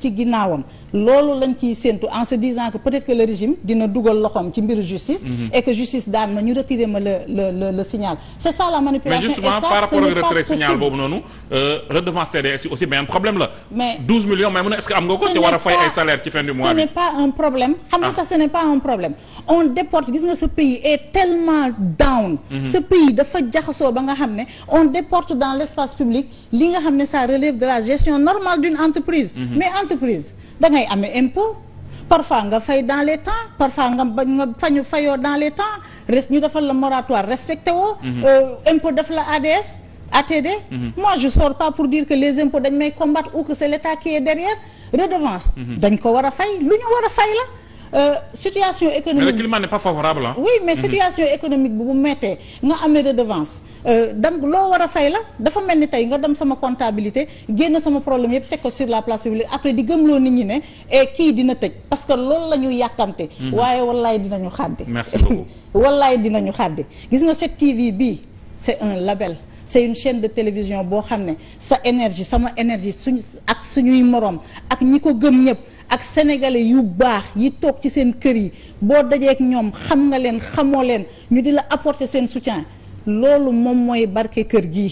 ci ginnaawam loolu lañ ciy séentu en se disant que peut que le régime dina dugal loxoom ci mbiru justice mhm. et que justice daan ma ñu retirer ma le le signal c'est ça la manipulation mais justement par rapport boobu noonu euh, redevance TDS yi aussi beneen problème la mais 12 mais mun est-ce que am nga ko te war a fay ay salaire ci fin du mois bi xam nga ah. tax mhm. pays dafa jaxasoo ba nga xam ne on déporte dans l'espace public li nga xam ne ça relève entreprise dangay amee impôt parfois nga fay dans les temps parfois nga bañ nga fañu fayoo dans les temps res ñu defal la moratoire respecté woo mhm. euh, impôt def la ADS ATD mhm. moi je sors pas pour dire que les impôts dañ may combattre ou que c'est l'État qui est derrière redevance mhm. dañ ko war a fay lu ñu war a fay la Euh, situation économique mais le climat n'est pas favorable hein? oui mais mhm. situation économique bi bu mettee nga amee redevance euh, dam loo war a fay la dafa mel ni tey nga dem sama comptabilité génn sama problème yëpp teg ko sur la place publique après di gëmloo nit ñi ne et eh, kii dina tëj parce que loolu la ñu yàkkamte mhm. waaye wallaay dinañu xàddi merci beaucoup dina ñu xàddi gis nga cette TV bi c'est un label c'est une chaîne de télévision boo xam ne sa énergie sama énergie suñu ak suñuy moroom ak ñi ko gëm ñëpp ak sénégalais yu baax yi toog ci seen kër yi boo dajeek ñoom xam nga leen xamoo leen ñu di la apporter seen soutien loolu moom mooy barke kër gi.